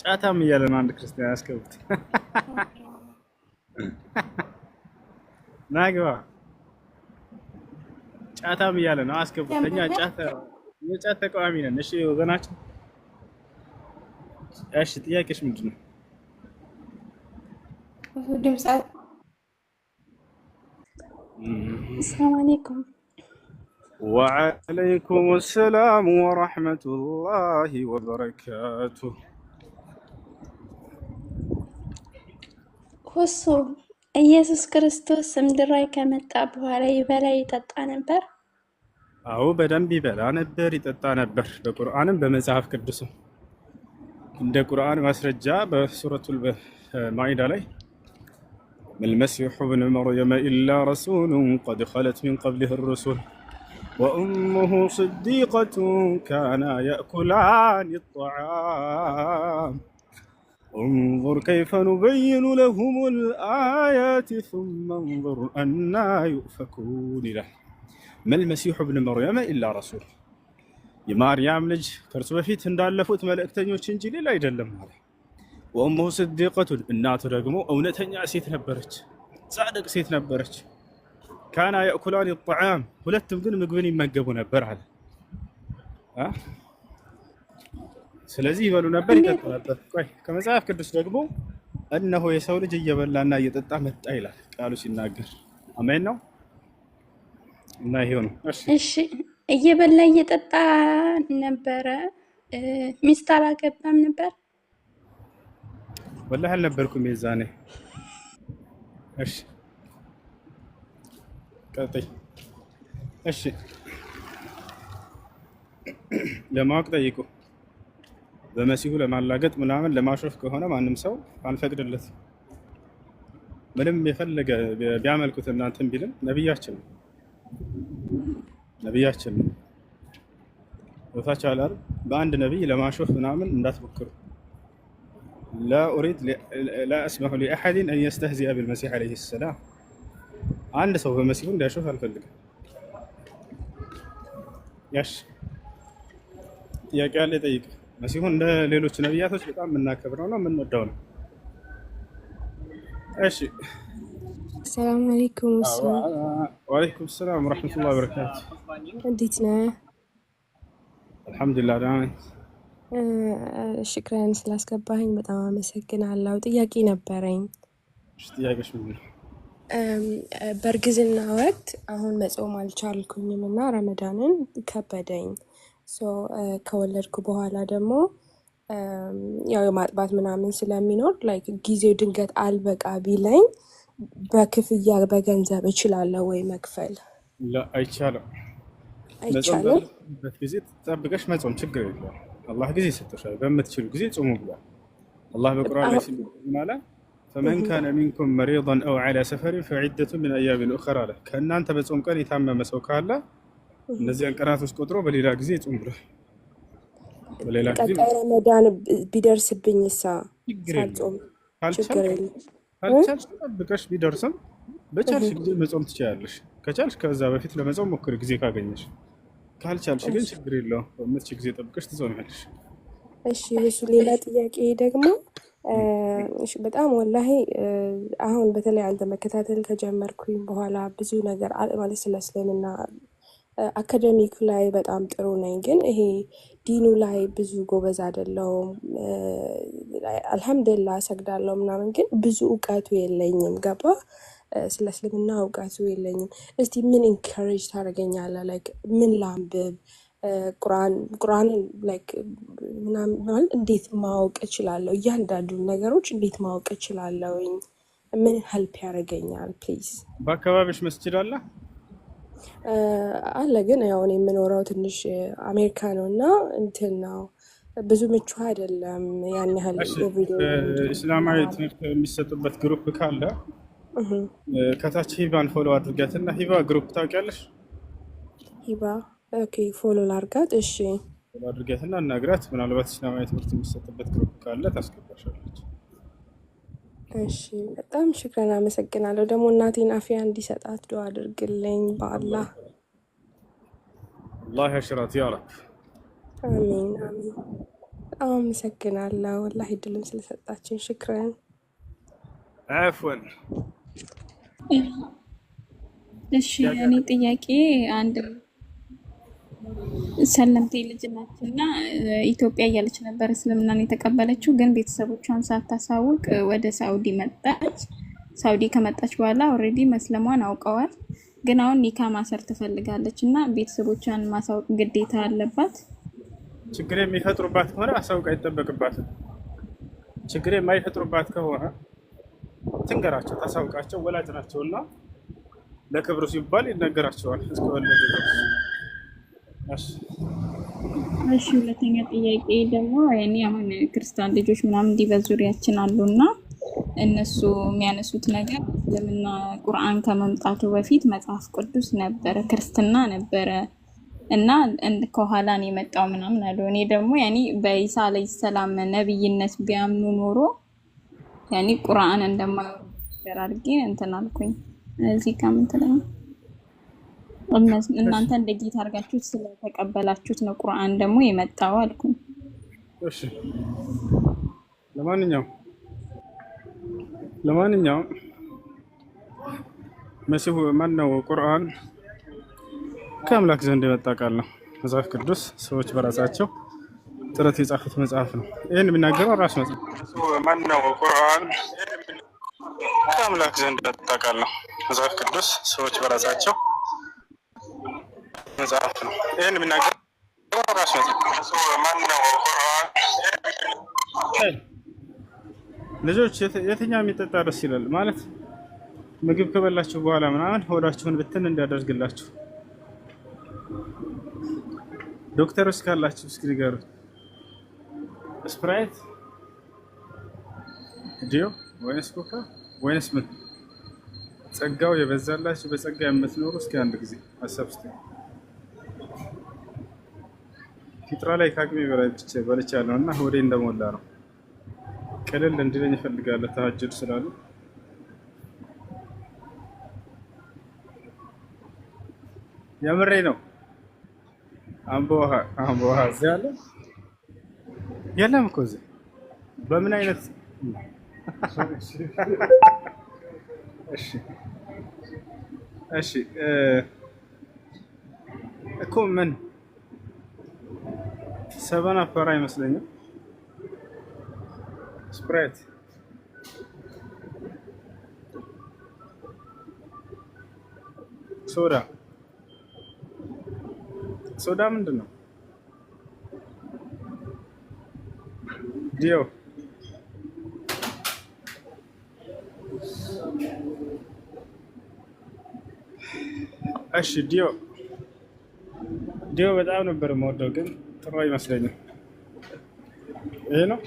ጫታም እያለን አንድ ክርስቲያን አስገቡት። ናግባ ጫታም እያለ ነው አስገቡት። እኛ የጫት ተቃዋሚ ነን። እሺ ወገናችን፣ እሺ ጥያቄሽ ምንድን ነው? አሰላሙ አለይኩም ወዓለይኩም ሰላም ወረሕመቱላሂ ወበረካቱሁ እሱ ኢየሱስ ክርስቶስ ምድራዊ ከመጣ በኋላ ይበላ ይጠጣ ነበር። አዎ በደንብ ይበላ ነበር፣ ይጠጣ ነበር። በቁርአንም በመጽሐፍ ቅዱስም እንደ ቁርአን ማስረጃ በሱረቱል ማኢዳ ላይ መልመሲሑ ብን መርየመ ኢላ ረሱሉን ቀድ ኸለት ሚን ቀብሊህ ሩሱል ወኡሙሁ ስዲቀቱን ካና የእኩላን ጣዓም انظر كيف نبين لهم الآيات ثم انظر أنا يؤفكون له ما المسيح ابن مريم إلا رسول የማርያም ልጅ ከእርሱ በፊት እንዳለፉት መልእክተኞች እንጂ ሌላ አይደለም አለ። ወእሙሁ ስዲቀቱን እናቱ ደግሞ እውነተኛ ሴት ነበረች፣ ጻድቅ ሴት ነበረች። ካና የእኩላን ጣዓም ሁለቱም ግን ምግብን ይመገቡ ነበር አለ። ስለዚህ ይበሉ ነበር፣ ይጠጡ ነበር። ቆይ ከመጽሐፍ ቅዱስ ደግሞ እነሆ የሰው ልጅ እየበላና እየጠጣ መጣ ይላል ቃሉ ሲናገር። አሜን ነው እና ይሄው ነው። እሺ እየበላ እየጠጣ ነበረ። ሚስት አላገባም ነበር። ወላህ አልነበርኩም የዛኔ። እሺ ቀጥይ። እሺ ለማወቅ ጠይቁ በመሲሁ ለማላገጥ ምናምን ለማሾፍ ከሆነ ማንም ሰው አንፈቅድለትም። ምንም የፈለገ ቢያመልኩት እናንተን ቢልም ነቢያችን ነው ነቢያችን ነው ቦታቸው አላር በአንድ ነቢይ ለማሾፍ ምናምን እንዳትሞክሩ። ላ ኡሪድ ላ አስማሁ ሊአሐድን አን የስተህዚአ ቢልመሲሕ ዓለይሂ ሰላም። አንድ ሰው በመሲሁ እንዲያሾፍ አልፈልግም። ያሽ ጥያቄ ያለ ይጠይቅ። መሲሁን እንደ ሌሎች ነቢያቶች በጣም የምናከብረው ነው የምንወደው ነው። እሺ ሰላም አለይኩም። ወአለይኩም ሰላም ወረሕመቱላሂ ወበረካቱ። እንዴት ነህ? አልሐምዱሊላህ ደህና ነኝ። ሽክረን ስላስገባኸኝ በጣም አመሰግናለሁ። ጥያቄ ነበረኝ። ጥያቄሽ ምንድን ነው? በእርግዝና ወቅት አሁን መጾም አልቻልኩኝም እና ረመዳንን ከበደኝ ከወለድኩ በኋላ ደግሞ ያው የማጥባት ምናምን ስለሚኖር ላይክ ጊዜው ድንገት አልበቃ ቢለኝ በክፍያ በገንዘብ እችላለሁ ወይ መክፈል? አይቻልም። አይቻልምበት ጊዜ ጠብቀሽ መጾም ችግር የለውም። አላህ ጊዜ ይሰጥሻል። በምትችሉ ጊዜ ጽሙ ብሏል አላህ በቁርአን ላይ ሲማለ ፈመን ካነ ሚንኩም መሪዳን አው ዐላ ሰፈሪን ፈዒደቱ ምን አያሚን ኡኸር አለ። ከእናንተ በጾም ቀን የታመመ ሰው ካለ እነዚያን ቀናቶች ቆጥሮ በሌላ ጊዜ ጹም ብሏል። በሌላ ጊዜ ቀጣይ ረመዳን ቢደርስብኝ ሳ ሳልጾም ችግር የለም። ካልቻልሽ ጠብቀሽ ቢደርስም በቻልሽ ጊዜ መጾም ትችላለሽ። ከቻልሽ ከዛ በፊት ለመጾም ሞክር ጊዜ ካገኘሽ። ካልቻልሽ ግን ችግር የለውም። በምትች ጊዜ ጠብቀሽ ትጾሚያለሽ። እሺ እሱ ሌላ ጥያቄ ደግሞ በጣም ወላሂ አሁን በተለይ አንተ መከታተል ከጀመርኩኝ በኋላ ብዙ ነገር ማለት ስለ እስልምና አካደሚክ ላይ በጣም ጥሩ ነኝ፣ ግን ይሄ ዲኑ ላይ ብዙ ጎበዝ አይደለሁም። አልሐምድላ ሰግዳለሁ ምናምን፣ ግን ብዙ እውቀቱ የለኝም። ገባ ስለ እስልምና እውቀቱ የለኝም። እስቲ ምን ኢንካሬጅ ታደርገኛለህ? ላይክ ምን ላንብብ? ቁርአንን ላይክ ምናምን እንዴት ማወቅ እችላለሁ? እያንዳንዱ ነገሮች እንዴት ማወቅ እችላለሁኝ? ምን ሀልፕ ያደርገኛል? ፕሊዝ በአካባቢዎች መስጅድ አለ አለ። ግን ያው እኔ የምኖረው ትንሽ አሜሪካ ነው እና እንትን ነው ብዙ ምቹ አይደለም ያን ያህል። እስላማዊ ትምህርት የሚሰጡበት ግሩፕ ካለ ከታች ሂባን ፎሎ አድርጋት እና ሂባ ግሩፕ ታውቂያለሽ? ሂባ ኦኬ፣ ፎሎ ላርጋት። እሺ፣ አድርጋት እና እናግራት። ምናልባት እስላማዊ ትምህርት የሚሰጥበት ግሩፕ ካለ ታስገባሻለች። እሺ በጣም ሽክረን አመሰግናለሁ። ደግሞ እናቴን አፍያ እንዲሰጣት ዱዓ አድርግልኝ በአላህ አላህ ያሽራት ያ ረብ። አሚን አሚን። በጣም አመሰግናለሁ ወላሂ እድሉን ስለሰጣችን ሽክረን። አፍወን። እሺ እኔ ጥያቄ አንድ ሰለምቴ ልጅ ናቸው እና ኢትዮጵያ እያለች ነበር እስልምናን የተቀበለችው። ግን ቤተሰቦቿን ሳታሳውቅ ወደ ሳውዲ መጣች። ሳውዲ ከመጣች በኋላ ኦልሬዲ መስለሟን አውቀዋል። ግን አሁን ኒካ ማሰር ትፈልጋለች እና ቤተሰቦቿን ማሳወቅ ግዴታ አለባት። ችግር የሚፈጥሩባት ከሆነ አሳውቅ አይጠበቅባትም። ችግር የማይፈጥሩባት ከሆነ ትንገራቸው፣ ታሳውቃቸው። ወላጅ ናቸውና ለክብሩ ሲባል ይነገራቸዋል ድረስ እሺ ሁለተኛ ጥያቄ ደግሞ እኔ አሁን ክርስቲያን ልጆች ምናምን እንዲህ በዙሪያችን አሉና እነሱ የሚያነሱት ነገር ለምና ቁርአን ከመምጣቱ በፊት መጽሐፍ ቅዱስ ነበረ፣ ክርስትና ነበረ እና ከኋላ ነው የመጣው ምናምን አሉ። እኔ ደግሞ ያኔ በኢሳ አለይሂ ሰላም ነብይነት ቢያምኑ ኖሮ ያኔ ቁርአን እንደማይወርድ ነገር አድርጌ እንትን አልኩኝ። እዚህ ጋር ምን እናንተ እንደ ጌታ አድርጋችሁት ስለተቀበላችሁት ነው ቁርአን ደግሞ የመጣው አልኩ። እሺ ለማንኛውም ለማንኛውም መሲሁ ማን ነው? ቁርአን ከአምላክ ዘንድ የመጣ ቃል ነው። መጽሐፍ ቅዱስ ሰዎች በራሳቸው ጥረት የጻፉት መጽሐፍ ነው። ይህን የሚናገረው ራሱ መጽሐፍ ማን ነው? ቁርአን ከአምላክ ዘንድ የመጣ ቃል ነው። መጽሐፍ ቅዱስ ሰዎች በራሳቸው መጽሐፍ ነው። ይህን የምናገር ራሱ ልጆች የትኛው የሚጠጣ ደስ ይላል ማለት ምግብ ከበላችሁ በኋላ ምናምን ሆዳችሁን ብትን እንዲያደርግላችሁ ዶክተሮች ካላችሁ እስኪ ንገሩት። ስፕራይት ዲዮ ወይንስ ኮካ ወይንስ ምን? ጸጋው የበዛላችሁ በጸጋ የምትኖሩ እስኪ አንድ ጊዜ አሰብስቴ ፊጥራ ላይ ከአቅሜ በልቻለሁ እና ሆዴ እንደሞላ ነው። ቅልል እንዲለኝ እፈልጋለሁ ተሀጅድ ስላሉ የምሬ ነው። አምቦ ውሃ አምቦ ውሃ እዚህ አለ የለም እኮ እዚህ በምን አይነት እሺ እሺ እኮ ምን ሰበን አፈራ አይመስለኝም። ስፕራይት ሶዳ ሶዳ ምንድን ነው? ዲዮ እሺ ዲዮ ዲዮ በጣም ነበር የምወደው ግን ጥሩ አይመስለኝም። ይሄ ነው።